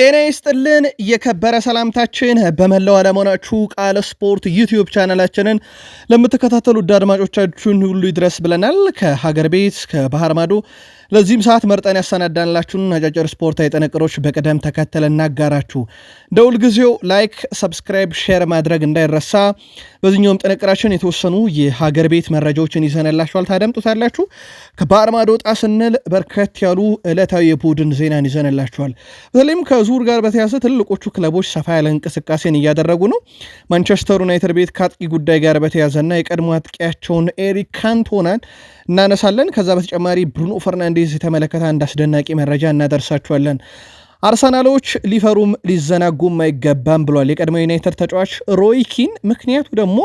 ጤና ይስጥልን የከበረ ሰላምታችን በመላው ዓለማችሁ ቃለ ስፖርት ዩቲዩብ ቻናላችንን ለምትከታተሉ ውድ አድማጮቻችን ሁሉ ይድረስ ብለናል። ከሀገር ቤት ከባህር ማዶ ለዚህም ሰዓት መርጠን ያሰናዳንላችሁን አጫጭር ስፖርታዊ ጥንቅሮች በቅደም ተከተል እናጋራችሁ። እንደ ሁልጊዜው ላይክ፣ ሰብስክራይብ፣ ሼር ማድረግ እንዳይረሳ። በዚህኛውም ጥንቅራችን የተወሰኑ የሀገር ቤት መረጃዎችን ይዘንላችኋል፣ ታደምጡታላችሁ። ከባህር ማዶ ወጣ ስንል በርከት ያሉ ዕለታዊ የቡድን ዜናን ይዘንላችኋል። በተለይም ከዙ ከዝውውር ጋር በተያዘ ትልቆቹ ክለቦች ሰፋ ያለ እንቅስቃሴን እያደረጉ ነው። ማንቸስተር ዩናይትድ ቤት ከአጥቂ ጉዳይ ጋር በተያዘና የቀድሞ አጥቂያቸውን ኤሪክ ካንቶናን እናነሳለን። ከዛ በተጨማሪ ብሩኖ ፈርናንዴዝ የተመለከተ አንድ አስደናቂ መረጃ እናደርሳችኋለን። አርሰናሎች ሊፈሩም ሊዘናጉም አይገባም ብሏል የቀድሞ ዩናይትድ ተጫዋች ሮይኪን ምክንያቱ ደግሞ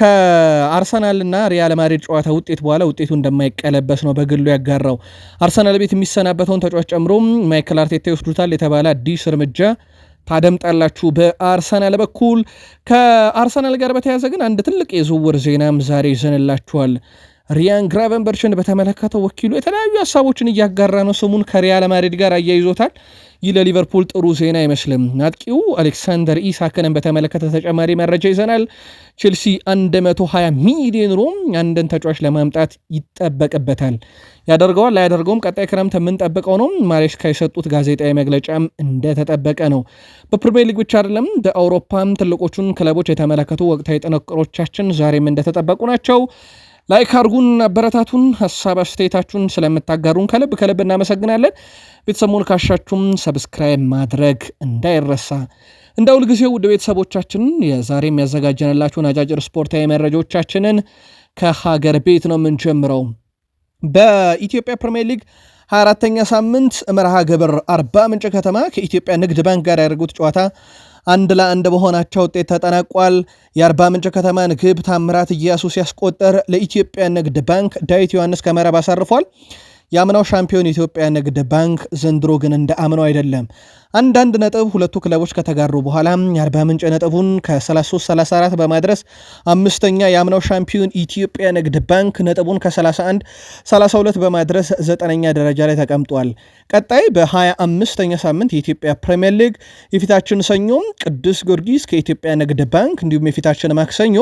ከአርሰናልና ሪያል ማድሪድ ጨዋታ ውጤት በኋላ ውጤቱ እንደማይቀለበስ ነው በግሉ ያጋራው። አርሰናል ቤት የሚሰናበተውን ተጫዋች ጨምሮ ማይክል አርቴታ ይወስዱታል የተባለ አዲስ እርምጃ ታደምጣላችሁ በአርሰናል በኩል። ከአርሰናል ጋር በተያያዘ ግን አንድ ትልቅ የዝውውር ዜናም ዛሬ ይዘንላችኋል። ሪያን ግራቨንበርችን በተመለከተ ወኪሉ የተለያዩ ሀሳቦችን እያጋራ ነው። ስሙን ከሪያል ማድሪድ ጋር አያይዞታል። ይህ ለሊቨርፑል ጥሩ ዜና አይመስልም። አጥቂው አሌክሳንደር ኢሳክንን በተመለከተ ተጨማሪ መረጃ ይዘናል። ቼልሲ 120 ሚሊዮን ሮም አንድን ተጫዋች ለማምጣት ይጠበቅበታል። ያደርገዋል ላያደርገውም ቀጣይ ክረምት የምንጠብቀው ነው። ማሬስካ የሰጡት ጋዜጣዊ መግለጫም እንደተጠበቀ ነው። በፕሪሚየር ሊግ ብቻ አይደለም፣ በአውሮፓም ትልቆቹን ክለቦች የተመለከቱ ወቅታዊ ጥንቅሮቻችን ዛሬም እንደተጠበቁ ናቸው። ላይክ አርጉን፣ አበረታቱን። ሀሳብ አስተያየታችሁን ስለምታጋሩን ከልብ ከልብ እናመሰግናለን። ቤተሰቡን ካሻችሁም ሰብስክራይብ ማድረግ እንዳይረሳ። እንደ ሁልጊዜው ውድ ቤተሰቦቻችን የዛሬም ያዘጋጀንላችሁን አጫጭር ስፖርታዊ መረጃዎቻችንን ከሀገር ቤት ነው የምንጀምረው። በኢትዮጵያ ፕሪምየር ሊግ 24ተኛ ሳምንት መርሃ ግብር አርባ ምንጭ ከተማ ከኢትዮጵያ ንግድ ባንክ ጋር ያደርጉት ጨዋታ አንድ ለአንድ በሆናቸው ውጤት ተጠናቋል። የአርባ ምንጭ ከተማን ግብ ታምራት እያሱ ሲያስቆጠር ለኢትዮጵያ ንግድ ባንክ ዳዊት ዮሐንስ ከመረብ አሳርፏል። የአምናው ሻምፒዮን የኢትዮጵያ ንግድ ባንክ ዘንድሮ ግን እንደ አምናው አይደለም። አንዳንድ ነጥብ ሁለቱ ክለቦች ከተጋሩ በኋላ የአርባ ምንጭ ነጥቡን ከ33 34 በማድረስ አምስተኛ፣ የአምናው ሻምፒዮን ኢትዮጵያ ንግድ ባንክ ነጥቡን ከ31 32 በማድረስ ዘጠነኛ ደረጃ ላይ ተቀምጧል። ቀጣይ በ25ኛ ሳምንት የኢትዮጵያ ፕሪምየር ሊግ የፊታችን ሰኞ ቅዱስ ጊዮርጊስ ከኢትዮጵያ ንግድ ባንክ እንዲሁም የፊታችን ማክሰኞ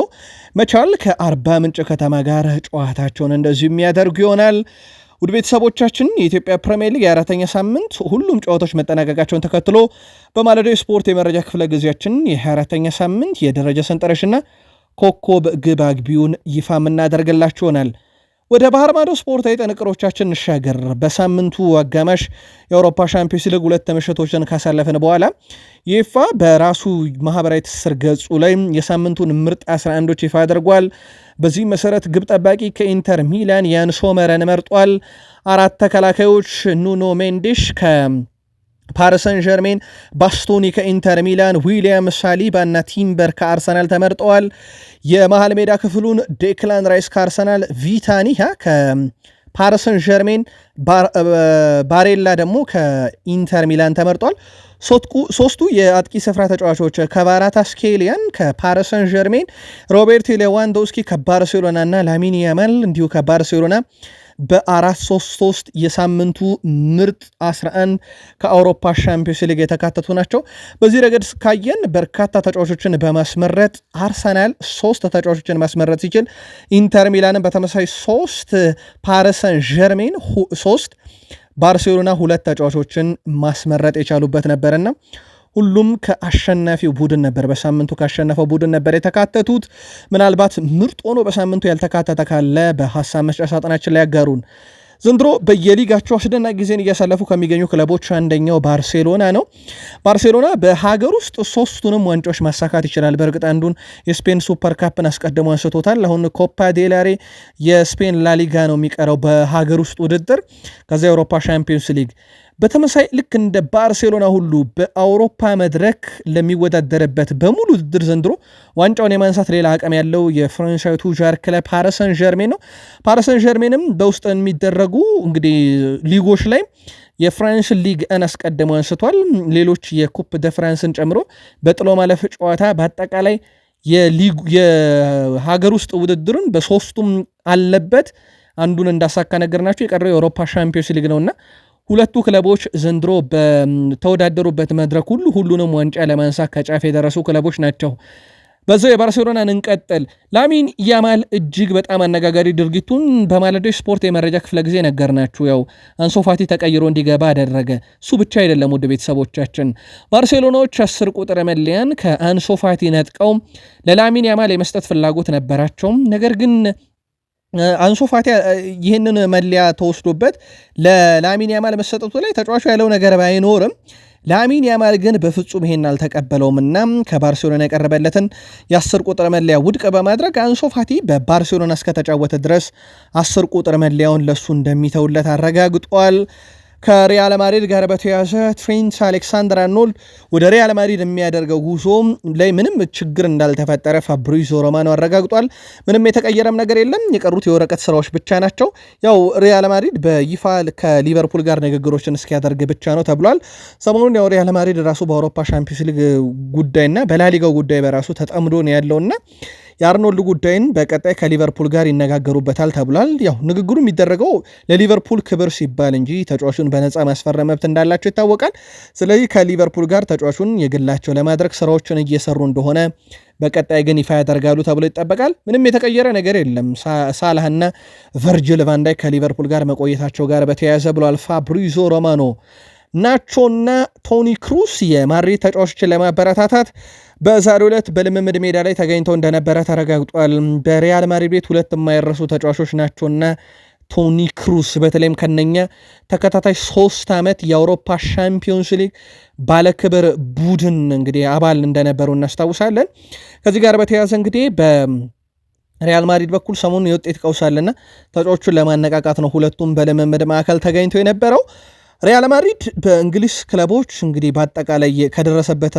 መቻል ከአርባ ምንጭ ከተማ ጋር ጨዋታቸውን እንደዚሁ የሚያደርጉ ይሆናል። ውድ ቤተሰቦቻችን የኢትዮጵያ ፕሪምየር ሊግ የአራተኛ ሳምንት ሁሉም ጨዋታዎች መጠናቀቃቸውን ተከትሎ በማለዳው የስፖርት የመረጃ ክፍለ ጊዜያችን የአራተኛ ሳምንት የደረጃ ሰንጠረዥና ኮከብ ግብ አግቢውን ይፋ የምናደርግላችሁ ይሆናል። ወደ ባህር ማዶ ስፖርታዊ ጥንቅሮቻችን እንሻገር። በሳምንቱ አጋማሽ የአውሮፓ ሻምፒዮንስ ሊግ ሁለት ምሽቶችን ካሳለፍን በኋላ ይፋ በራሱ ማህበራዊ ትስስር ገጹ ላይ የሳምንቱን ምርጥ 11ዶች ይፋ አድርጓል። በዚህ መሰረት ግብ ጠባቂ ከኢንተር ሚላን ያን ሶመረን መርጧል። አራት ተከላካዮች ኑኖ ሜንዲሽ ፓሪሰን ጀርሜን፣ ባስቶኒ ከኢንተር ሚላን፣ ዊሊያም ሳሊባ እና ቲምበር ከአርሰናል ተመርጠዋል። የመሀል ሜዳ ክፍሉን ዴክላን ራይስ ከአርሰናል፣ ቪታኒያ ከፓርሰን ጀርሜን፣ ባሬላ ደግሞ ከኢንተር ሚላን ተመርጧል። ሶስቱ የአጥቂ ስፍራ ተጫዋቾች ከባራታ ስኬሊያን ከፓርሰን ጀርሜን፣ ሮቤርት ሌዋንዶስኪ ከባርሴሎና እና ላሚን ያማል እንዲሁ ከባርሴሎና በ433 የሳምንቱ ምርጥ 11 ከአውሮፓ ሻምፒዮንስ ሊግ የተካተቱ ናቸው። በዚህ ረገድ ካየን በርካታ ተጫዋቾችን በማስመረጥ አርሰናል ሶስት ተጫዋቾችን ማስመረጥ ሲችል፣ ኢንተር ሚላንን በተመሳሳይ ሶስት፣ ፓሪሰን ጀርሜን ሶስት፣ ባርሴሎና ሁለት ተጫዋቾችን ማስመረጥ የቻሉበት ነበርና ሁሉም ከአሸናፊው ቡድን ነበር፣ በሳምንቱ ካሸነፈው ቡድን ነበር የተካተቱት። ምናልባት ምርጥ ሆኖ በሳምንቱ ያልተካተተ ካለ በሀሳብ መስጫ ሳጥናችን ላይ ያጋሩን። ዘንድሮ በየሊጋቸው አስደናቂ ጊዜን እያሳለፉ ከሚገኙ ክለቦች አንደኛው ባርሴሎና ነው። ባርሴሎና በሀገር ውስጥ ሶስቱንም ዋንጫዎች ማሳካት ይችላል። በእርግጥ አንዱን የስፔን ሱፐር ካፕን አስቀድሞ አንስቶታል። አሁን ኮፓ ዴላሬ፣ የስፔን ላሊጋ ነው የሚቀረው በሀገር ውስጥ ውድድር፣ ከዚያ የአውሮፓ ሻምፒዮንስ ሊግ በተመሳይ ልክ እንደ ባርሴሎና ሁሉ በአውሮፓ መድረክ ለሚወዳደርበት በሙሉ ውድድር ዘንድሮ ዋንጫውን የማንሳት ሌላ አቅም ያለው የፈረንሳዊ ቱጃር ክለብ ፓረሰን ጀርሜን ነው። ፓረሰን ጀርሜንም በውስጥ የሚደረጉ እንግዲህ ሊጎች ላይ የፍራንስ ሊግ አን አስቀድሞ አንስቷል። ሌሎች የኩፕ ደ ፍራንስን ጨምሮ በጥሎ ማለፍ ጨዋታ በአጠቃላይ የሀገር ውስጥ ውድድርን በሶስቱም አለበት። አንዱን እንዳሳካ ነገር ናቸው። የቀረው የአውሮፓ ሻምፒዮንስ ሊግ ነውና ሁለቱ ክለቦች ዘንድሮ በተወዳደሩበት መድረክ ሁሉ ሁሉንም ዋንጫ ለማንሳት ከጫፍ የደረሱ ክለቦች ናቸው። በዛው የባርሴሎናን እንቀጥል። ላሚን ያማል እጅግ በጣም አነጋጋሪ ድርጊቱን በማለዳው ስፖርት የመረጃ ክፍለ ጊዜ ነገርናችሁ። ያው አንሶፋቲ ተቀይሮ እንዲገባ አደረገ። እሱ ብቻ አይደለም፣ ውድ ቤተሰቦቻችን ባርሴሎናዎች አስር ቁጥር መለያን ከአንሶፋቲ ነጥቀው ለላሚን ያማል የመስጠት ፍላጎት ነበራቸውም ነገር ግን አንሶ ፋቲ ይህንን መለያ ተወስዶበት ለላሚን ያማል መሰጠቱ ላይ ተጫዋቹ ያለው ነገር ባይኖርም ላሚን ያማል ግን በፍጹም ይሄን አልተቀበለውም እና ከባርሴሎና የቀረበለትን የአስር ቁጥር መለያ ውድቅ በማድረግ አንሶ ፋቲ በባርሴሎና እስከተጫወተ ድረስ አስር ቁጥር መለያውን ለሱ እንደሚተውለት አረጋግጧል። ከሪያል ማድሪድ ጋር በተያያዘ ትሬንት አሌክሳንደር አርኖልድ ወደ ሪያል ማድሪድ የሚያደርገው ጉዞ ላይ ምንም ችግር እንዳልተፈጠረ ፋብሪዞ ሮማኖ አረጋግጧል። ምንም የተቀየረም ነገር የለም። የቀሩት የወረቀት ስራዎች ብቻ ናቸው። ያው ሪያል ማድሪድ በይፋ ከሊቨርፑል ጋር ንግግሮችን እስኪያደርግ ብቻ ነው ተብሏል። ሰሞኑን ያው ሪያል ማድሪድ ራሱ በአውሮፓ ሻምፒዮንስ ሊግ ጉዳይና በላሊጋው ጉዳይ በራሱ ተጠምዶ ነው ያለውና የአርኖልድ ጉዳይን በቀጣይ ከሊቨርፑል ጋር ይነጋገሩበታል ተብሏል። ያው ንግግሩ የሚደረገው ለሊቨርፑል ክብር ሲባል እንጂ ተጫዋቹን በነፃ ማስፈረም መብት እንዳላቸው ይታወቃል። ስለዚህ ከሊቨርፑል ጋር ተጫዋቹን የግላቸው ለማድረግ ስራዎችን እየሰሩ እንደሆነ በቀጣይ ግን ይፋ ያደርጋሉ ተብሎ ይጠበቃል። ምንም የተቀየረ ነገር የለም። ሳላህና ቨርጅል ቫንዳይ ከሊቨርፑል ጋር መቆየታቸው ጋር በተያያዘ ብሏል ፋብሪዞ ሮማኖ። ናቾና ቶኒ ክሩስ የማድሪድ ተጫዋቾችን ለማበረታታት በዛሬ ዕለት በልምምድ ሜዳ ላይ ተገኝተው እንደነበረ ተረጋግጧል። በሪያል ማድሪድ ቤት ሁለት የማይረሱ ተጫዋቾች ናቸውና ቶኒ ክሩስ በተለይም ከነኛ ተከታታይ ሶስት ዓመት የአውሮፓ ሻምፒዮንስ ሊግ ባለክብር ቡድን እንግዲህ አባል እንደነበሩ እናስታውሳለን። ከዚህ ጋር በተያያዘ እንግዲህ በሪያል ማድሪድ በኩል ሰሞኑን የውጤት ቀውሳልና ተጫዎቹን ለማነቃቃት ነው ሁለቱም በልምምድ ማዕከል ተገኝቶ የነበረው። ሪያል ማድሪድ በእንግሊዝ ክለቦች እንግዲህ በአጠቃላይ ከደረሰበት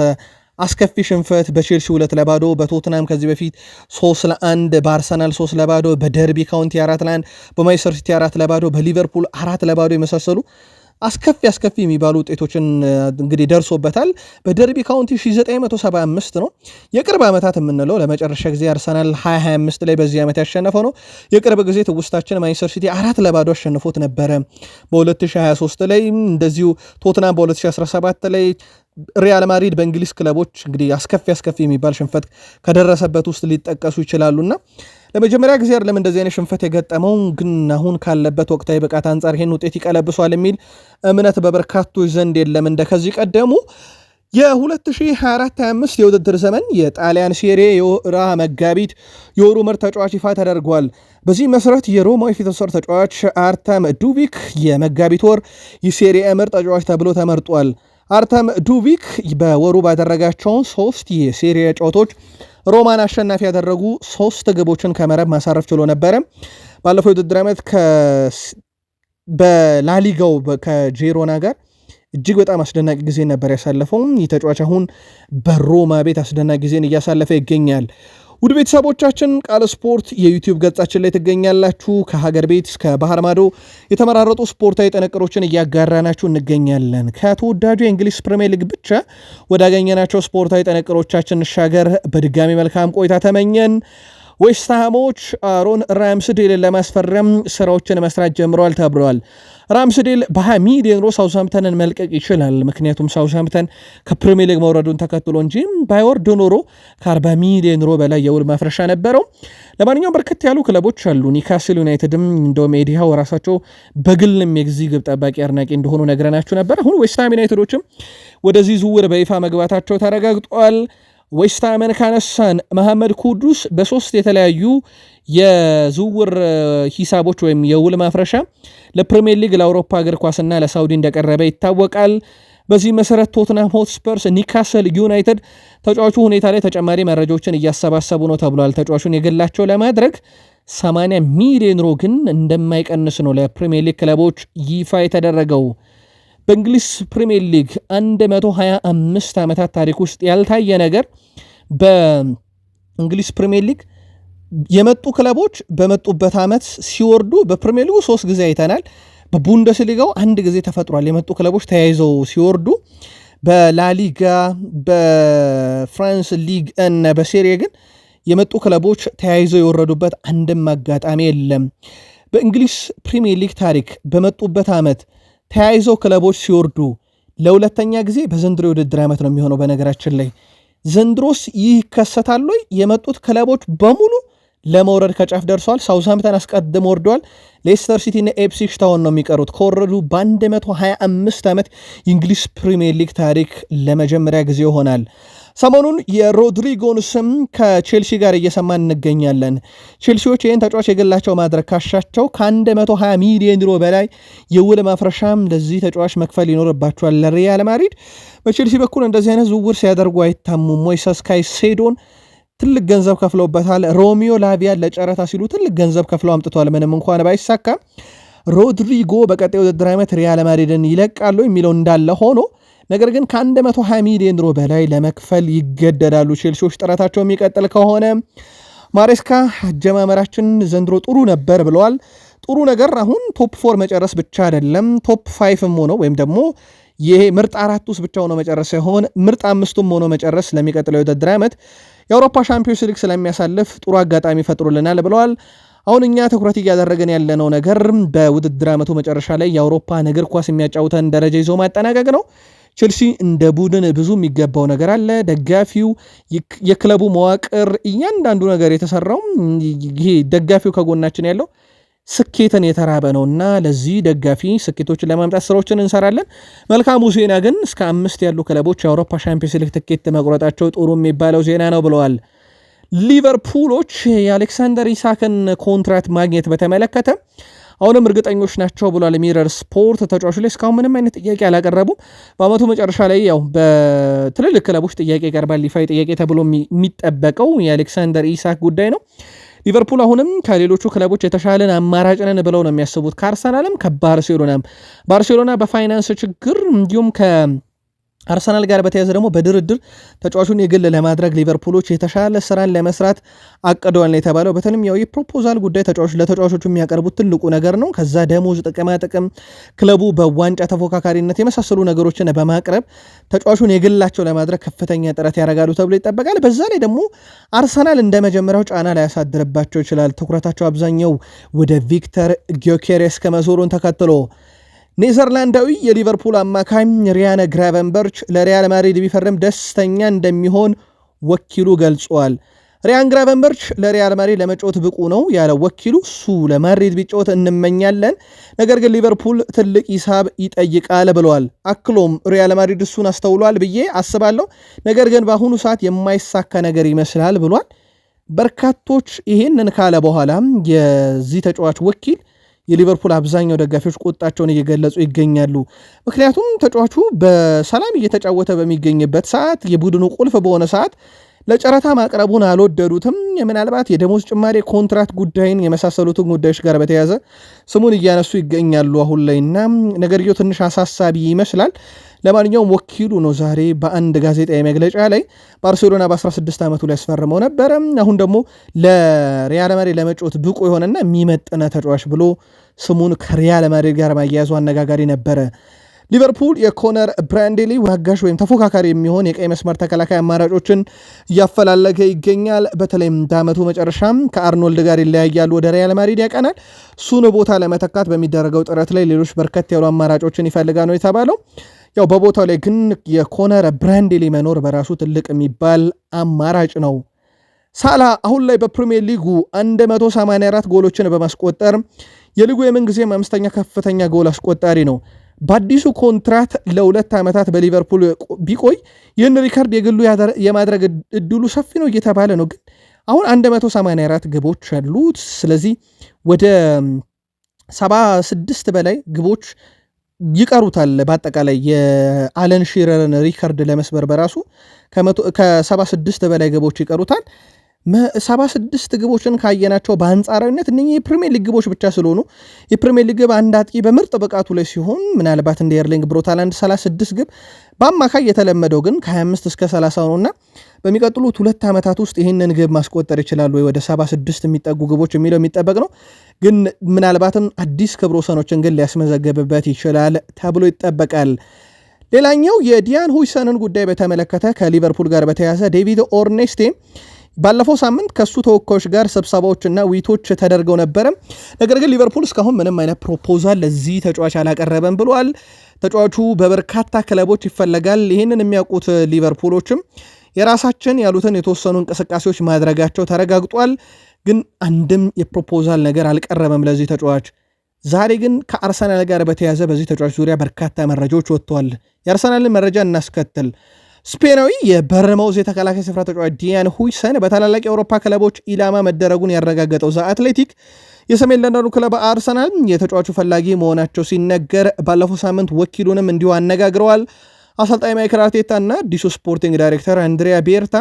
አስከፊ ሽንፈት በቼልሲ ሁለት ለባዶ በቶትናም ከዚህ በፊት ሶስት ለአንድ በአርሰናል ሶስት ለባዶ በደርቢ ካውንቲ አራት ለአንድ በማንቸስተር ሲቲ አራት ለባዶ በሊቨርፑል አራት ለባዶ የመሳሰሉ አስከፊ አስከፊ የሚባሉ ውጤቶችን እንግዲህ ደርሶበታል። በደርቢ ካውንቲ 1975 ነው የቅርብ ዓመታት የምንለው ለመጨረሻ ጊዜ አርሰናል 2025 ላይ በዚህ ዓመት ያሸነፈው ነው። የቅርብ ጊዜ ትውስታችን ማንቸስተር ሲቲ አራት ለባዶ አሸንፎት ነበረ። በ2023 ላይ እንደዚሁ ቶትናም በ2017 ላይ ሪያል ማድሪድ በእንግሊዝ ክለቦች እንግዲህ አስከፊ አስከፊ የሚባል ሽንፈት ከደረሰበት ውስጥ ሊጠቀሱ ይችላሉና ለመጀመሪያ ጊዜ አይደለም እንደዚህ አይነት ሽንፈት የገጠመው፣ ግን አሁን ካለበት ወቅታዊ ብቃት አንጻር ይሄን ውጤት ይቀለብሷል የሚል እምነት በበርካቶች ዘንድ የለም። እንደ ከዚህ ቀደሙ የ2024/25 የውድድር ዘመን የጣሊያን ሴሬ የወራ መጋቢት የወሩ ምርጥ ተጫዋች ይፋ ተደርጓል። በዚህ መሰረት የሮማ የፊት መስመር ተጫዋች አርተም ዱቢክ የመጋቢት ወር የሴሬ ምርጥ ተጫዋች ተብሎ ተመርጧል። አርተም ዱቢክ በወሩ ባደረጋቸውን ሶስት የሴሪያ ጨዋታዎች ሮማን አሸናፊ ያደረጉ ሶስት ግቦችን ከመረብ ማሳረፍ ችሎ ነበረ። ባለፈው የውድድር ዓመት በላሊጋው ከጄሮና ጋር እጅግ በጣም አስደናቂ ጊዜ ነበር ያሳለፈው። ይህ ተጫዋች አሁን በሮማ ቤት አስደናቂ ጊዜን እያሳለፈ ይገኛል። ውድ ቤተሰቦቻችን ቃል ስፖርት የዩቲዩብ ገጻችን ላይ ትገኛላችሁ። ከሀገር ቤት እስከ ባህር ማዶ የተመራረጡ ስፖርታዊ ጥንቅሮችን እያጋራናችሁ እንገኛለን። ከተወዳጁ የእንግሊዝ ፕሪሚየር ሊግ ብቻ ወዳገኘናቸው ስፖርታዊ ጥንቅሮቻችን እንሻገር። በድጋሚ መልካም ቆይታ ተመኘን። ዌስትሃሞች አሮን ራምስዴልን ለማስፈረም ስራዎችን መስራት ጀምረዋል ተብለዋል። ራምስዴል በ20 ሚሊዮን ሮ ሳውዝሃምፕተንን መልቀቅ ይችላል። ምክንያቱም ሳውዝሃምፕተን ከፕሪሚየር ሊግ መውረዱን ተከትሎ እንጂ ባይወርድ ኖሮ ከ40 ሚሊዮን ሮ በላይ የውል ማፍረሻ ነበረው። ለማንኛውም በርከት ያሉ ክለቦች አሉ። ኒካስል ዩናይትድም እንደውም ኤዲ ሃው ራሳቸው በግልም የጊዜ ግብ ጠባቂ አድናቂ እንደሆኑ ነግረናችሁ ነበር። አሁን ዌስትሃም ዩናይትዶችም ወደዚህ ዝውውር በይፋ መግባታቸው ተረጋግጧል። ዌስት ሃምን ካነሳን መሐመድ ኩዱስ በሶስት የተለያዩ የዝውውር ሂሳቦች ወይም የውል ማፍረሻ ለፕሪሚየር ሊግ ለአውሮፓ እግር ኳስና ለሳውዲ እንደቀረበ ይታወቃል። በዚህ መሰረት ቶትናም ሆትስፐርስ፣ ኒካስል ዩናይትድ ተጫዋቹ ሁኔታ ላይ ተጨማሪ መረጃዎችን እያሰባሰቡ ነው ተብሏል። ተጫዋቹን የግላቸው ለማድረግ 80 ሚሊዮን ዩሮ ግን እንደማይቀንስ ነው ለፕሪሚየር ሊግ ክለቦች ይፋ የተደረገው። በእንግሊዝ ፕሪሚየር ሊግ 125 ዓመታት ታሪክ ውስጥ ያልታየ ነገር በእንግሊዝ ፕሪሚየር ሊግ የመጡ ክለቦች በመጡበት ዓመት ሲወርዱ በፕሪሚየር ሊጉ ሶስት ጊዜ አይተናል። በቡንደስሊጋው አንድ ጊዜ ተፈጥሯል። የመጡ ክለቦች ተያይዘው ሲወርዱ በላሊጋ በፍራንስ ሊግ እና በሴሬ ግን የመጡ ክለቦች ተያይዘው የወረዱበት አንድም አጋጣሚ የለም። በእንግሊዝ ፕሪሚየር ሊግ ታሪክ በመጡበት ዓመት ተያይዞ ክለቦች ሲወርዱ ለሁለተኛ ጊዜ በዘንድሮ የውድድር ዓመት ነው የሚሆነው። በነገራችን ላይ ዘንድሮስ ይህ ይከሰታሉ የመጡት ክለቦች በሙሉ ለመውረድ ከጫፍ ደርሰዋል። ሳውዝሃምፕተን አስቀድሞ ወርደዋል። ሌስተር ሲቲና ኤፕሲሽ ታውን ነው የሚቀሩት። ከወረዱ በ125 ዓመት የእንግሊዝ ፕሪምየር ሊግ ታሪክ ለመጀመሪያ ጊዜ ይሆናል። ሰሞኑን የሮድሪጎን ስም ከቼልሲ ጋር እየሰማን እንገኛለን። ቼልሲዎች ይህን ተጫዋች የግላቸው ማድረግ ካሻቸው ከ120 ሚሊዮን ዩሮ በላይ የውል ማፍረሻም ለዚህ ተጫዋች መክፈል ይኖርባቸዋል። ለሪያል ማድሪድ በቼልሲ በኩል እንደዚህ አይነት ዝውውር ሲያደርጉ አይታሙም። ሞይሰስ ካይሴዶን ትልቅ ገንዘብ ከፍለውበታል። ሮሚዮ ላቪያን ለጨረታ ሲሉ ትልቅ ገንዘብ ከፍለው አምጥቷል። ምንም እንኳን ባይሳካም ሮድሪጎ በቀጣይ ውድድር ዓመት ሪያል ማድሪድን ይለቃሉ የሚለው እንዳለ ሆኖ ነገር ግን ከ120 ሚሊዮን ዩሮ በላይ ለመክፈል ይገደዳሉ ቼልሲዎች ጥረታቸው የሚቀጥል ከሆነ። ማሬስካ አጀማመራችን ዘንድሮ ጥሩ ነበር ብለዋል። ጥሩ ነገር አሁን ቶፕ ፎር መጨረስ ብቻ አይደለም፣ ቶፕ ፋይፍም ሆነው ወይም ደግሞ ይሄ ምርጥ አራት ውስጥ ብቻ ሆኖ መጨረስ ሳይሆን ምርጥ አምስቱም ሆኖ መጨረስ ለሚቀጥለው የውድድር ዓመት የአውሮፓ ሻምፒዮንስ ሊግ ስለሚያሳልፍ ጥሩ አጋጣሚ ፈጥሮልናል ብለዋል። አሁን እኛ ትኩረት እያደረገን ያለነው ነገር በውድድር ዓመቱ መጨረሻ ላይ የአውሮፓን እግር ኳስ የሚያጫውተን ደረጃ ይዞ ማጠናቀቅ ነው። ቼልሲ እንደ ቡድን ብዙ የሚገባው ነገር አለ። ደጋፊው፣ የክለቡ መዋቅር፣ እያንዳንዱ ነገር የተሰራው ይሄ ደጋፊው ከጎናችን ያለው ስኬትን የተራበ ነው እና ለዚህ ደጋፊ ስኬቶችን ለማምጣት ስራዎችን እንሰራለን። መልካሙ ዜና ግን እስከ አምስት ያሉ ክለቦች የአውሮፓ ሻምፒዮንስ ሊግ ትኬት መቁረጣቸው ጥሩ የሚባለው ዜና ነው ብለዋል። ሊቨርፑሎች የአሌክሳንደር ኢሳክን ኮንትራት ማግኘት በተመለከተ አሁንም እርግጠኞች ናቸው ብሏል። ሚረር ስፖርት ተጫዋቹ ላይ እስካሁን ምንም አይነት ጥያቄ አላቀረቡም። በአመቱ መጨረሻ ላይ ያው በትልልቅ ክለቦች ጥያቄ ይቀርባል። ይፋዊ ጥያቄ ተብሎ የሚጠበቀው የአሌክሳንደር ኢሳክ ጉዳይ ነው። ሊቨርፑል አሁንም ከሌሎቹ ክለቦች የተሻለን አማራጭነን ብለው ነው የሚያስቡት፣ ከአርሰናልም ከባርሴሎናም። ባርሴሎና በፋይናንስ ችግር እንዲሁም ከ አርሰናል ጋር በተያያዘ ደግሞ በድርድር ተጫዋቹን የግል ለማድረግ ሊቨርፑሎች የተሻለ ስራን ለመስራት አቅደዋል ነው የተባለው። በተለይም ያው የፕሮፖዛል ጉዳይ ለተጫዋቾቹ የሚያቀርቡት ትልቁ ነገር ነው። ከዛ ደሞዝ፣ ጥቅማጥቅም፣ ክለቡ በዋንጫ ተፎካካሪነት የመሳሰሉ ነገሮችን በማቅረብ ተጫዋቹን የግላቸው ለማድረግ ከፍተኛ ጥረት ያደርጋሉ ተብሎ ይጠበቃል። በዛ ላይ ደግሞ አርሰናል እንደ መጀመሪያው ጫና ላያሳድርባቸው ይችላል። ትኩረታቸው አብዛኛው ወደ ቪክተር ጊዮኬሬስ ከመዞሩን ተከትሎ ኔዘርላንዳዊ የሊቨርፑል አማካኝ ሪያነ ግራቨንበርች ለሪያል ማድሪድ ቢፈርም ደስተኛ እንደሚሆን ወኪሉ ገልጿል። ሪያን ግራቨንበርች ለሪያል ማድሪድ ለመጫወት ብቁ ነው ያለ ወኪሉ፣ እሱ ለማድሪድ ቢጫወት እንመኛለን፣ ነገር ግን ሊቨርፑል ትልቅ ሂሳብ ይጠይቃል ብሏል አክሎም ሪያል ማድሪድ እሱን አስተውሏል ብዬ አስባለሁ፣ ነገር ግን በአሁኑ ሰዓት የማይሳካ ነገር ይመስላል ብሏል። በርካቶች ይህንን ካለ በኋላ የዚህ ተጫዋች ወኪል የሊቨርፑል አብዛኛው ደጋፊዎች ቁጣቸውን እየገለጹ ይገኛሉ። ምክንያቱም ተጫዋቹ በሰላም እየተጫወተ በሚገኝበት ሰዓት የቡድኑ ቁልፍ በሆነ ሰዓት ለጨረታ ማቅረቡን አልወደዱትም። ምናልባት የደሞዝ ጭማሪ፣ ኮንትራት ጉዳይን የመሳሰሉትን ጉዳዮች ጋር በተያዘ ስሙን እያነሱ ይገኛሉ አሁን ላይ እና ነገርየው ትንሽ አሳሳቢ ይመስላል። ለማንኛውም ወኪሉ ነው ዛሬ በአንድ ጋዜጣዊ መግለጫ ላይ ባርሴሎና በ16 ዓመቱ ያስፈርመው ነበረ፣ አሁን ደግሞ ለሪያል ማድሪድ ለመጫወት ብቁ የሆነና የሚመጥነ ተጫዋች ብሎ ስሙን ከሪያል ማድሪድ ጋር ማያያዙ አነጋጋሪ ነበረ። ሊቨርፑል የኮነር ብራንዴሊ ወጋሽ ወይም ተፎካካሪ የሚሆን የቀይ መስመር ተከላካይ አማራጮችን እያፈላለገ ይገኛል። በተለይም በዓመቱ መጨረሻም ከአርኖልድ ጋር ይለያያሉ፣ ወደ ሪያል ማድሪድ ያቀናል። ሱን ቦታ ለመተካት በሚደረገው ጥረት ላይ ሌሎች በርከት ያሉ አማራጮችን ይፈልጋ ነው የተባለው። ያው በቦታው ላይ ግን የኮነር ብራንዴሊ መኖር በራሱ ትልቅ የሚባል አማራጭ ነው። ሳላ አሁን ላይ በፕሪሚየር ሊጉ 184 ጎሎችን በማስቆጠር የሊጉ የምንጊዜም አምስተኛ ከፍተኛ ጎል አስቆጣሪ ነው። በአዲሱ ኮንትራት ለሁለት ዓመታት በሊቨርፑል ቢቆይ ይህን ሪካርድ የግሉ የማድረግ እድሉ ሰፊ ነው እየተባለ ነው። ግን አሁን 184 ግቦች አሉት። ስለዚህ ወደ 76 በላይ ግቦች ይቀሩታል። በአጠቃላይ የአለን ሺረርን ሪካርድ ለመስበር በራሱ ከ76 በላይ ግቦች ይቀሩታል። ሰባ ስድስት ግቦችን ካየናቸው በአንጻራዊነት እነኚህ የፕሪሚየር ሊግ ግቦች ብቻ ስለሆኑ የፕሪሚየር ሊግ ግብ አንድ አጥቂ በምርጥ ብቃቱ ላይ ሲሆን ምናልባት እንደ ኤርሊንግ ብሮታላንድ 36 ግብ በአማካይ የተለመደው ግን ከ25 እስከ 30 ነውና በሚቀጥሉት ሁለት ዓመታት ውስጥ ይህንን ግብ ማስቆጠር ይችላሉ ወይ ወደ 76 የሚጠጉ ግቦች የሚለው የሚጠበቅ ነው። ግን ምናልባትም አዲስ ክብረ ወሰኖችን ግን ሊያስመዘገብበት ይችላል ተብሎ ይጠበቃል። ሌላኛው የዲያን ሁይሰንን ጉዳይ በተመለከተ ከሊቨርፑል ጋር በተያያዘ ዴቪድ ኦርኔስቴ ባለፈው ሳምንት ከሱ ተወካዮች ጋር ስብሰባዎችና ውይይቶች ተደርገው ነበረ። ነገር ግን ሊቨርፑል እስካሁን ምንም አይነት ፕሮፖዛል ለዚህ ተጫዋች አላቀረበም ብሏል። ተጫዋቹ በበርካታ ክለቦች ይፈለጋል። ይህንን የሚያውቁት ሊቨርፑሎችም የራሳችን ያሉትን የተወሰኑ እንቅስቃሴዎች ማድረጋቸው ተረጋግጧል። ግን አንድም የፕሮፖዛል ነገር አልቀረበም ለዚህ ተጫዋች። ዛሬ ግን ከአርሰናል ጋር በተያያዘ በዚህ ተጫዋች ዙሪያ በርካታ መረጃዎች ወጥተዋል። የአርሰናልን መረጃ እናስከትል። ስፔናዊ የበርነማውዝ የተከላካይ ስፍራ ተጫዋች ዲያን ሁይሰን በታላላቅ የአውሮፓ ክለቦች ኢላማ መደረጉን ያረጋገጠው ዘ አትሌቲክ የሰሜን ለንደኑ ክለብ አርሰናል የተጫዋቹ ፈላጊ መሆናቸው ሲነገር ባለፈው ሳምንት ወኪሉንም እንዲሁ አነጋግረዋል። አሰልጣኝ ማይክል አርቴታ እና አዲሱ ስፖርቲንግ ዳይሬክተር አንድሪያ ቤርታ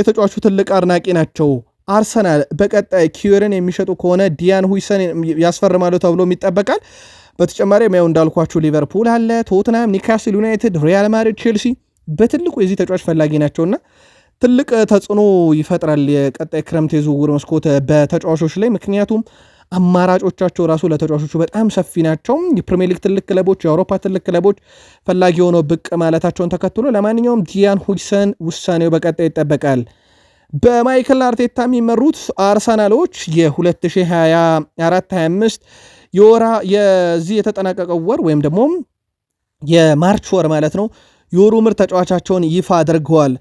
የተጫዋቹ ትልቅ አድናቂ ናቸው። አርሰናል በቀጣይ ኪዩርን የሚሸጡ ከሆነ ዲያን ሁይሰን ያስፈርማሉ ተብሎም ይጠበቃል። በተጨማሪም ያው እንዳልኳችሁ ሊቨርፑል አለ፣ ቶትናም፣ ኒካስል ዩናይትድ፣ ሪያል ማድሪድ፣ ቼልሲ በትልቁ የዚህ ተጫዋች ፈላጊ ናቸውና ትልቅ ተጽዕኖ ይፈጥራል የቀጣይ ክረምት የዝውውር መስኮት በተጫዋቾች ላይ ምክንያቱም አማራጮቻቸው ራሱ ለተጫዋቾቹ በጣም ሰፊ ናቸው። የፕሪሚየር ሊግ ትልቅ ክለቦች፣ የአውሮፓ ትልቅ ክለቦች ፈላጊ ሆነው ብቅ ማለታቸውን ተከትሎ ለማንኛውም ዲያን ሁጅሰን ውሳኔው በቀጣይ ይጠበቃል። በማይክል አርቴታ የሚመሩት አርሰናሎች የ2024/25 የወራ የዚህ የተጠናቀቀው ወር ወይም ደግሞ የማርች ወር ማለት ነው የወሩ ምርጥ ተጫዋቻቸውን ይፋ አድርገዋል።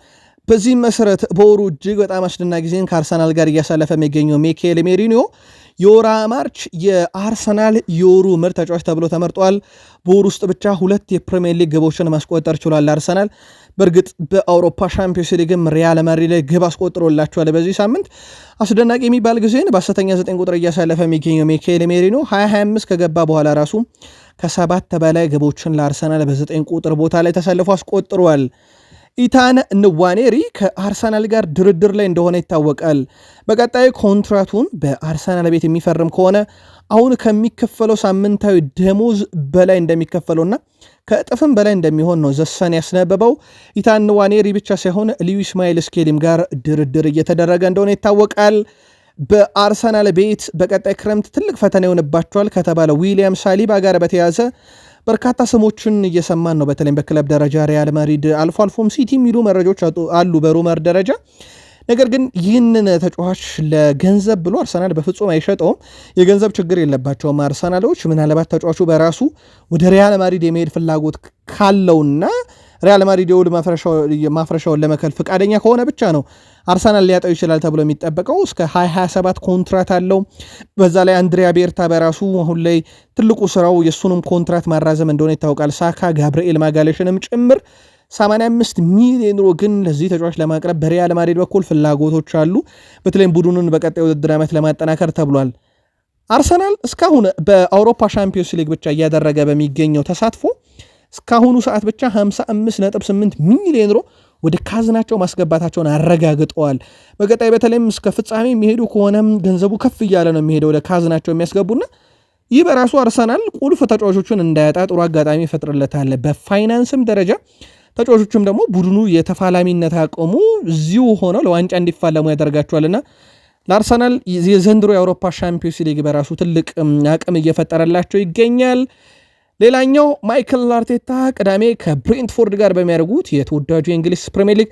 በዚህም መሰረት በወሩ እጅግ በጣም አስደናቂ ጊዜን ከአርሰናል ጋር እያሳለፈ የሚገኘው ሚካኤል ሜሪኒዮ የወራ ማርች የአርሰናል የወሩ ምርጥ ተጫዋች ተብሎ ተመርጧል። በወሩ ውስጥ ብቻ ሁለት የፕሪሚየር ሊግ ግቦችን ማስቆጠር ችሏል አርሰናል። በእርግጥ በአውሮፓ ሻምፒዮንስ ሊግም ሪያል ላይ ግብ አስቆጥሮላቸዋል። በዚህ ሳምንት አስደናቂ የሚባል ጊዜን በ ጠ ቁጥር እያሳለፈ የሚገኘው ሚካኤል ሜሪኖ 2025 ከገባ በኋላ ራሱ ከሰባት በላይ ግቦችን ለአርሰናል በዘጠኝ ቁጥር ቦታ ላይ ተሰልፎ አስቆጥሯል። ኢታን ንዋኔሪ ከአርሰናል ጋር ድርድር ላይ እንደሆነ ይታወቃል። በቀጣይ ኮንትራቱን በአርሰናል ቤት የሚፈርም ከሆነ አሁን ከሚከፈለው ሳምንታዊ ደሞዝ በላይ እንደሚከፈለውና ከእጥፍም በላይ እንደሚሆን ነው ዘሰን ያስነበበው። ኢታን ንዋኔሪ ብቻ ሳይሆን ልዩ ኢስማኤል ስኬሊም ጋር ድርድር እየተደረገ እንደሆነ ይታወቃል። በአርሰናል ቤት በቀጣይ ክረምት ትልቅ ፈተና ይሆንባቸዋል ከተባለ ዊሊያም ሳሊባ ጋር በተያያዘ በርካታ ስሞችን እየሰማን ነው። በተለይም በክለብ ደረጃ ሪያል ማድሪድ፣ አልፎ አልፎም ሲቲ የሚሉ መረጃዎች አሉ በሩመር ደረጃ። ነገር ግን ይህንን ተጫዋች ለገንዘብ ብሎ አርሰናል በፍጹም አይሸጠውም። የገንዘብ ችግር የለባቸውም አርሰናሎች። ምናልባት ተጫዋቹ በራሱ ወደ ሪያል ማድሪድ የመሄድ ፍላጎት ካለውና ሪያል ማድሪድ የውል ማፍረሻውን ለመከል ፈቃደኛ ከሆነ ብቻ ነው አርሰናል ሊያጠው ይችላል ተብሎ የሚጠበቀው እስከ 2027 ኮንትራት አለው። በዛ ላይ አንድሪያ ቤርታ በራሱ አሁን ላይ ትልቁ ስራው የእሱንም ኮንትራት ማራዘም እንደሆነ ይታወቃል። ሳካ፣ ጋብርኤል ማጋለሽንም ጭምር 85 ሚሊዮን ዩሮ ግን ለዚህ ተጫዋች ለማቅረብ በሪያል ማድሪድ በኩል ፍላጎቶች አሉ። በተለይም ቡድኑን በቀጣይ ውድድር ዓመት ለማጠናከር ተብሏል። አርሰናል እስካሁን በአውሮፓ ሻምፒዮንስ ሊግ ብቻ እያደረገ በሚገኘው ተሳትፎ እስካሁኑ ሰዓት ብቻ 55.8 ሚሊዮን ዩሮ ወደ ካዝናቸው ማስገባታቸውን አረጋግጠዋል። በቀጣይ በተለይም እስከ ፍጻሜ የሚሄዱ ከሆነም ገንዘቡ ከፍ እያለ ነው የሚሄደው ወደ ካዝናቸው የሚያስገቡና ይህ በራሱ አርሰናል ቁልፍ ተጫዋቾቹን እንዳያጣ ጥሩ አጋጣሚ ይፈጥርለታል። በፋይናንስም ደረጃ ተጫዋቾቹም ደግሞ ቡድኑ የተፋላሚነት አቅሙ እዚሁ ሆነው ለዋንጫ እንዲፋለሙ ያደርጋቸዋልና ለአርሰናል የዘንድሮ የአውሮፓ ሻምፒዮንስ ሊግ በራሱ ትልቅ አቅም እየፈጠረላቸው ይገኛል። ሌላኛው ማይክል አርቴታ ቅዳሜ ከብሬንትፎርድ ጋር በሚያደርጉት የተወዳጁ የእንግሊዝ ፕሪምየር ሊግ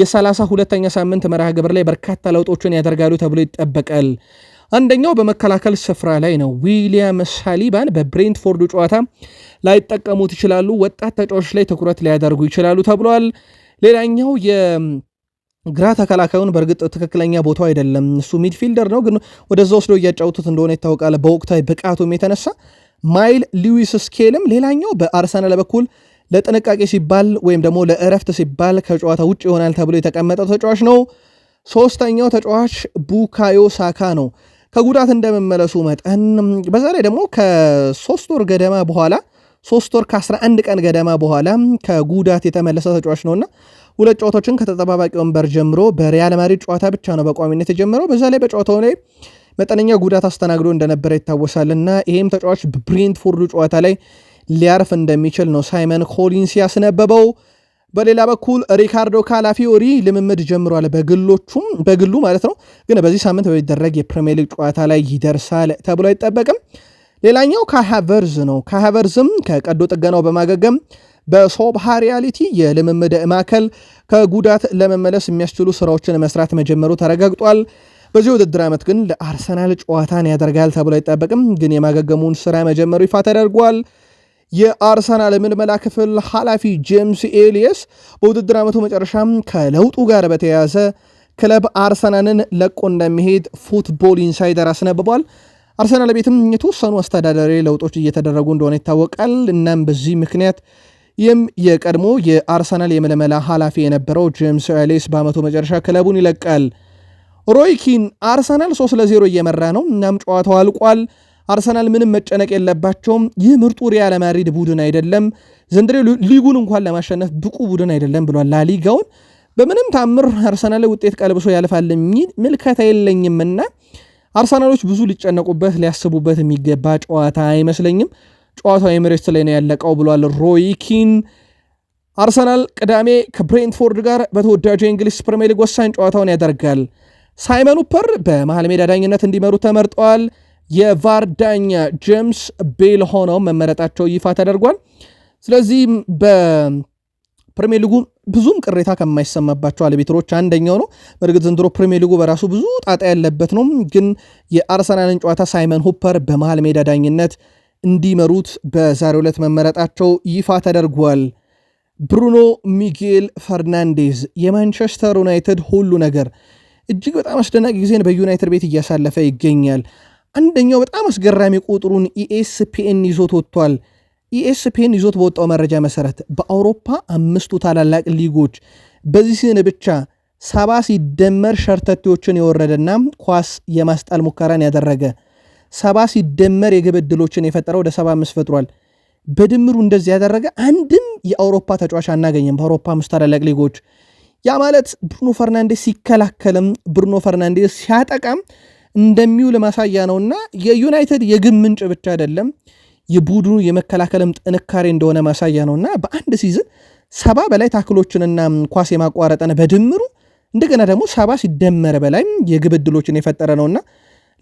የሰላሳ ሁለተኛ ሳምንት መርሃ ግብር ላይ በርካታ ለውጦችን ያደርጋሉ ተብሎ ይጠበቃል። አንደኛው በመከላከል ስፍራ ላይ ነው። ዊሊያም ሳሊባን በብሬንትፎርዱ ጨዋታ ላይጠቀሙት ይችላሉ። ወጣት ተጫዋቾች ላይ ትኩረት ሊያደርጉ ይችላሉ ተብሏል። ሌላኛው የግራ ተከላካዩን በእርግጥ ትክክለኛ ቦታው አይደለም፣ እሱ ሚድፊልደር ነው፣ ግን ወደዛ ወስዶ እያጫውቱት እንደሆነ ይታወቃል። በወቅታዊ ብቃቱም የተነሳ ማይል ሉዊስ ስኬልም ሌላኛው በአርሰናል በኩል ለጥንቃቄ ሲባል ወይም ደግሞ ለእረፍት ሲባል ከጨዋታ ውጭ ይሆናል ተብሎ የተቀመጠው ተጫዋች ነው። ሶስተኛው ተጫዋች ቡካዮ ሳካ ነው። ከጉዳት እንደመመለሱ መጠን በዛ ላይ ደግሞ ከሶስት ወር ገደማ በኋላ ሶስት ወር ከ11 ቀን ገደማ በኋላ ከጉዳት የተመለሰ ተጫዋች ነውና ሁለት ጨዋታዎችን ከተጠባባቂ ወንበር ጀምሮ በሪያል ማድሪድ ጨዋታ ብቻ ነው በቋሚነት የጀመረው። በዛ ላይ በጨዋታው ላይ መጠነኛ ጉዳት አስተናግዶ እንደነበረ ይታወሳልና ይህም ተጫዋች በብሬንትፎርዱ ጨዋታ ላይ ሊያርፍ እንደሚችል ነው ሳይመን ኮሊንስ ያስነበበው። በሌላ በኩል ሪካርዶ ካላፊዮሪ ልምምድ ጀምሯል። በግሎቹም በግሉ ማለት ነው። ግን በዚህ ሳምንት በሚደረግ የፕሪሚየር ሊግ ጨዋታ ላይ ይደርሳል ተብሎ አይጠበቅም። ሌላኛው ካሃቨርዝ ነው። ካሃቨርዝም ከቀዶ ጥገናው በማገገም በሶብሃ ሪያሊቲ የልምምድ ማዕከል ከጉዳት ለመመለስ የሚያስችሉ ስራዎችን መስራት መጀመሩ ተረጋግጧል። በዚህ ውድድር ዓመት ግን ለአርሰናል ጨዋታን ያደርጋል ተብሎ አይጠበቅም፣ ግን የማገገሙን ስራ መጀመሩ ይፋ ተደርጓል። የአርሰናል ምልመላ ክፍል ኃላፊ ጄምስ ኤሊየስ በውድድር ዓመቱ መጨረሻ ከለውጡ ጋር በተያያዘ ክለብ አርሰናልን ለቆ እንደሚሄድ ፉትቦል ኢንሳይደር አስነብቧል። አርሰናል ቤትም የተወሰኑ አስተዳደሪ ለውጦች እየተደረጉ እንደሆነ ይታወቃል። እናም በዚህ ምክንያት ይህም የቀድሞ የአርሰናል የምልመላ ኃላፊ የነበረው ጄምስ ኤሊየስ በዓመቱ መጨረሻ ክለቡን ይለቃል። ሮይኪን አርሰናል 3 ለ0 እየመራ ነው። እናም ጨዋታው አልቋል። አርሰናል ምንም መጨነቅ የለባቸውም። ይህ ምርጡ ሪያል ማድሪድ ቡድን አይደለም፣ ዘንድሬ ሊጉን እንኳን ለማሸነፍ ብቁ ቡድን አይደለም ብሏል። ላሊጋውን በምንም ታምር አርሰናል ውጤት ቀልብሶ ያልፋል የሚል ምልከታ የለኝምና አርሰናሎች ብዙ ሊጨነቁበት ሊያስቡበት የሚገባ ጨዋታ አይመስለኝም። ጨዋታው ኤሚሬትስ ላይ ነው ያለቀው ብሏል ሮይኪን። አርሰናል ቅዳሜ ከብሬንትፎርድ ጋር በተወዳጁ የእንግሊዝ ፕሪሚየር ሊግ ወሳኝ ጨዋታውን ያደርጋል። ሳይመን ሁፐር በመሃል ሜዳ ዳኝነት እንዲመሩ ተመርጠዋል። የቫር ዳኛ ጄምስ ቤል ሆነው መመረጣቸው ይፋ ተደርጓል። ስለዚህ በፕሪሚየር ሊጉ ብዙም ቅሬታ ከማይሰማባቸው አልቢትሮች አንደኛው ነው። በእርግጥ ዘንድሮ ፕሪሚየር ሊጉ በራሱ ብዙ ጣጣ ያለበት ነው። ግን የአርሰናልን ጨዋታ ሳይመን ሁፐር በመሃል ሜዳ ዳኝነት እንዲመሩት በዛሬ ዕለት መመረጣቸው ይፋ ተደርጓል። ብሩኖ ሚጌል ፈርናንዴዝ የማንቸስተር ዩናይትድ ሁሉ ነገር እጅግ በጣም አስደናቂ ጊዜን በዩናይትድ ቤት እያሳለፈ ይገኛል። አንደኛው በጣም አስገራሚ ቁጥሩን ኢኤስፒኤን e ይዞት ወጥቷል። ኢኤስፒኤን e ይዞት በወጣው መረጃ መሰረት በአውሮፓ አምስቱ ታላላቅ ሊጎች በዚህ ሲዝን ብቻ ሰባ ሲደመር ሸርተቴዎችን የወረደና ኳስ የማስጣል ሙከራን ያደረገ ሰባ ሲደመር የግብ ዕድሎችን የፈጠረ ወደ አምስት ፈጥሯል። በድምሩ እንደዚህ ያደረገ አንድም የአውሮፓ ተጫዋች አናገኝም። በአውሮፓ አምስቱ ታላላቅ ሊጎች ያ ማለት ብሩኖ ፈርናንዴስ ሲከላከልም ብሩኖ ፈርናንዴስ ሲያጠቃም እንደሚውል ማሳያ ነውና የዩናይትድ የግብ ምንጭ ብቻ አይደለም የቡድኑ የመከላከልም ጥንካሬ እንደሆነ ማሳያ ነውና በአንድ ሲዝን ሰባ በላይ ታክሎችንና ኳስ የማቋረጠን በድምሩ እንደገና ደግሞ ሰባ ሲደመረ በላይም የግብ ዕድሎችን የፈጠረ ነውና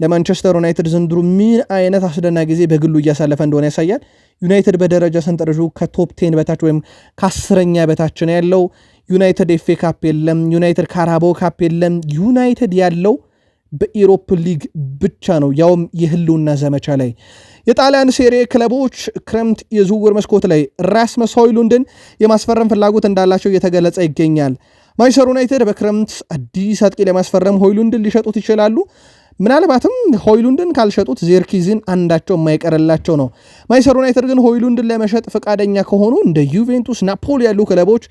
ለማንቸስተር ዩናይትድ ዘንድሮ ምን አይነት አስደናቂ ጊዜ በግሉ እያሳለፈ እንደሆነ ያሳያል። ዩናይትድ በደረጃ ሰንጠረዡ ከቶፕ ቴን በታች ወይም ከአስረኛ በታች ነው ያለው። ዩናይትድ ኤፌ ካፕ የለም፣ ዩናይትድ ካራቦ ካፕ የለም። ዩናይትድ ያለው በኢሮፕ ሊግ ብቻ ነው፣ ያውም የህልውና ዘመቻ ላይ። የጣሊያን ሴሬ ክለቦች ክረምት የዝውውር መስኮት ላይ ራስመስ ሆይሉንድን የማስፈረም ፍላጎት እንዳላቸው እየተገለጸ ይገኛል። ማንቸስተር ዩናይትድ በክረምት አዲስ አጥቂ ለማስፈረም ሆይሉንድን ሊሸጡት ይችላሉ። ምናልባትም ሆይሉንድን ካልሸጡት ዜርኪዝን አንዳቸው የማይቀርላቸው ነው። ማንቸስተር ዩናይትድ ግን ሆይሉንድን ለመሸጥ ፈቃደኛ ከሆኑ እንደ ዩቬንቱስ፣ ናፖሊ ያሉ ክለቦች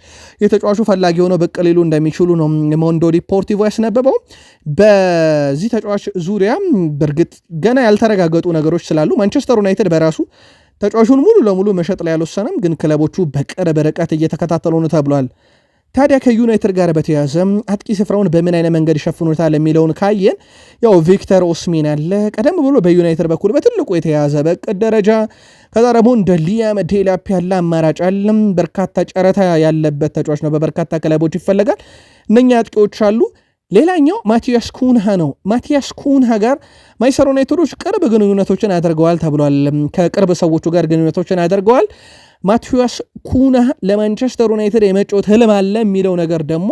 የተጫዋቹ ፈላጊ ሆነው ብቅ ሊሉ እንደሚችሉ ነው ሞንዶ ዲፖርቲቮ ያስነበበው። በዚህ ተጫዋች ዙሪያ በእርግጥ ገና ያልተረጋገጡ ነገሮች ስላሉ ማንቸስተር ዩናይትድ በራሱ ተጫዋቹን ሙሉ ለሙሉ መሸጥ ላይ አልወሰነም፣ ግን ክለቦቹ በቅርብ ርቀት እየተከታተሉ ነው ተብሏል። ታዲያ ከዩናይትድ ጋር በተያያዘ አጥቂ ስፍራውን በምን አይነት መንገድ ይሸፍኑታል የሚለውን ካየን ያው ቪክተር ኦስሚን አለ። ቀደም ብሎ በዩናይትድ በኩል በትልቁ የተያዘ በቅድ ደረጃ ከዛ ደግሞ እንደ ሊያም ዴላፕ ያለ አማራጭ አለም። በርካታ ጨረታ ያለበት ተጫዋች ነው። በበርካታ ክለቦች ይፈለጋል። እነኛ አጥቂዎች አሉ። ሌላኛው ማቲያስ ኩንሃ ነው። ማቲያስ ኩንሃ ጋር ማይሰር ዩናይትዶች ቅርብ ግንኙነቶችን አድርገዋል ተብሏል። ከቅርብ ሰዎቹ ጋር ግንኙነቶችን አድርገዋል። ማቲያስ ኩንሃ ለማንቸስተር ዩናይትድ የመጮት ህልም አለ የሚለው ነገር ደግሞ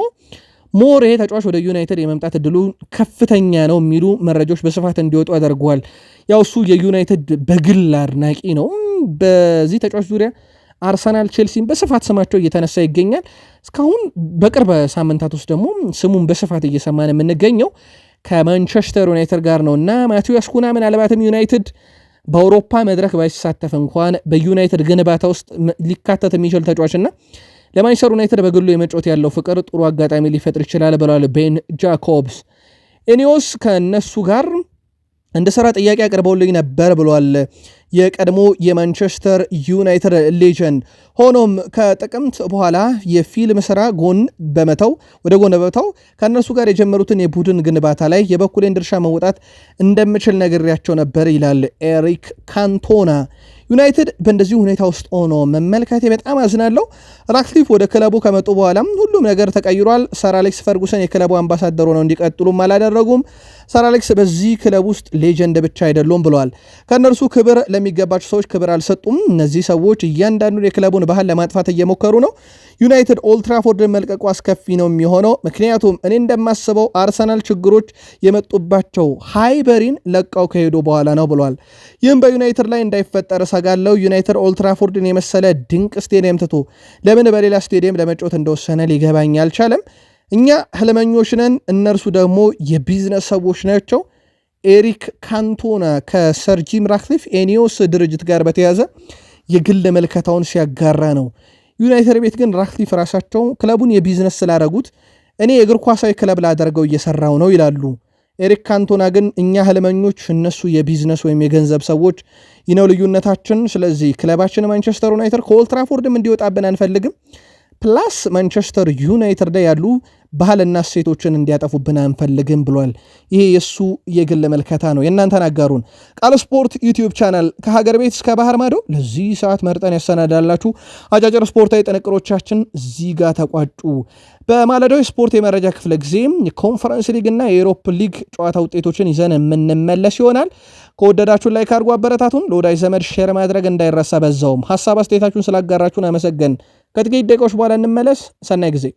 ሞር ይሄ ተጫዋች ወደ ዩናይትድ የመምጣት እድሉ ከፍተኛ ነው የሚሉ መረጃዎች በስፋት እንዲወጡ ያደርገዋል። ያው እሱ የዩናይትድ በግል አድናቂ ነው። በዚህ ተጫዋች ዙሪያ አርሰናል፣ ቼልሲን በስፋት ስማቸው እየተነሳ ይገኛል። እስካሁን በቅርብ ሳምንታት ውስጥ ደግሞ ስሙን በስፋት እየሰማን የምንገኘው ከማንቸስተር ዩናይትድ ጋር ነው እና ማቴዎስ ኩና ምናልባትም ዩናይትድ በአውሮፓ መድረክ ባይሳተፍ እንኳን በዩናይትድ ግንባታ ውስጥ ሊካተት የሚችል ተጫዋችና ለማንቸስተር ዩናይትድ በግሉ የመጫወት ያለው ፍቅር ጥሩ አጋጣሚ ሊፈጥር ይችላል ብለዋል ቤን ጃኮብስ። ኢኔዎስ ከእነሱ ጋር እንደ ስራ ጥያቄ አቅርበውልኝ ነበር ብለዋል የቀድሞ የማንቸስተር ዩናይትድ ሌጀንድ ሆኖም ከጥቅምት በኋላ የፊልም ስራ ጎን በመተው ወደ ጎን በመተው ከእነርሱ ጋር የጀመሩትን የቡድን ግንባታ ላይ የበኩሌን ድርሻ መወጣት እንደምችል ነግሬያቸው ነበር ይላል ኤሪክ ካንቶና። ዩናይትድ በእንደዚህ ሁኔታ ውስጥ ሆኖ መመልከቴ በጣም አዝናለሁ። ራክሊፍ ወደ ክለቡ ከመጡ በኋላም ሁሉም ነገር ተቀይሯል። ሰር አሌክስ ፈርጉሰን የክለቡ አምባሳደር ሆነው እንዲቀጥሉም አላደረጉም። ሰር አሌክስ በዚህ ክለብ ውስጥ ሌጀንድ ብቻ አይደሉም ብለዋል። ከእነርሱ ክብር ለሚገባቸው ሰዎች ክብር አልሰጡም። እነዚህ ሰዎች እያንዳንዱን የክለቡን ባህል ለማጥፋት እየሞከሩ ነው። ዩናይትድ ኦልትራፎርድን መልቀቁ አስከፊ ነው የሚሆነው። ምክንያቱም እኔ እንደማስበው አርሰናል ችግሮች የመጡባቸው ሃይበሪን ለቀው ከሄዱ በኋላ ነው ብሏል። ይህም በዩናይትድ ላይ እንዳይፈጠር እሰጋለሁ። ዩናይትድ ኦልትራፎርድን የመሰለ ድንቅ ስቴዲየም ትቶ ለምን በሌላ ስቴዲየም ለመጮት እንደወሰነ ሊገባኝ አልቻለም። እኛ ህልመኞች ነን፣ እነርሱ ደግሞ የቢዝነስ ሰዎች ናቸው። ኤሪክ ካንቶና ከሰር ጂም ራትክሊፍ ኤኒዮስ ድርጅት ጋር በተያዘ የግል መልከታውን ሲያጋራ ነው። ዩናይትድ ቤት ግን ራክሊፍ ራሳቸው ክለቡን የቢዝነስ ስላረጉት እኔ የእግር ኳሳዊ ክለብ ላደርገው እየሰራው ነው ይላሉ። ኤሪክ ካንቶና ግን እኛ ህልመኞች፣ እነሱ የቢዝነስ ወይም የገንዘብ ሰዎች ይነው ልዩነታችን። ስለዚህ ክለባችን ማንቸስተር ዩናይትድ ከኦልትራፎርድም እንዲወጣብን አንፈልግም። ፕላስ ማንቸስተር ዩናይትድ ላይ ያሉ ባህልና እሴቶችን እንዲያጠፉብን አንፈልግም ብሏል። ይሄ የእሱ የግል መልከታ ነው። የእናንተን አጋሩን። ቃል ስፖርት ዩቲዩብ ቻናል ከሀገር ቤት እስከ ባህር ማዶ ለዚህ ሰዓት መርጠን ያሰናዳላችሁ አጫጭር ስፖርታዊ ጥንቅሮቻችን እዚህ ጋር ተቋጩ። በማለዳዊ ስፖርት የመረጃ ክፍለ ጊዜም የኮንፈረንስ ሊግና የኤሮፕ ሊግ ጨዋታ ውጤቶችን ይዘን የምንመለስ ይሆናል። ከወደዳችሁን ላይ ካርጎ አበረታቱን። ለወዳጅ ዘመድ ሼር ማድረግ እንዳይረሳ። በዛውም ሀሳብ አስተያየታችሁን ስላጋራችሁን አመሰገን። ከጥቂት ደቂቃዎች በኋላ እንመለስ። ሰናይ ጊዜ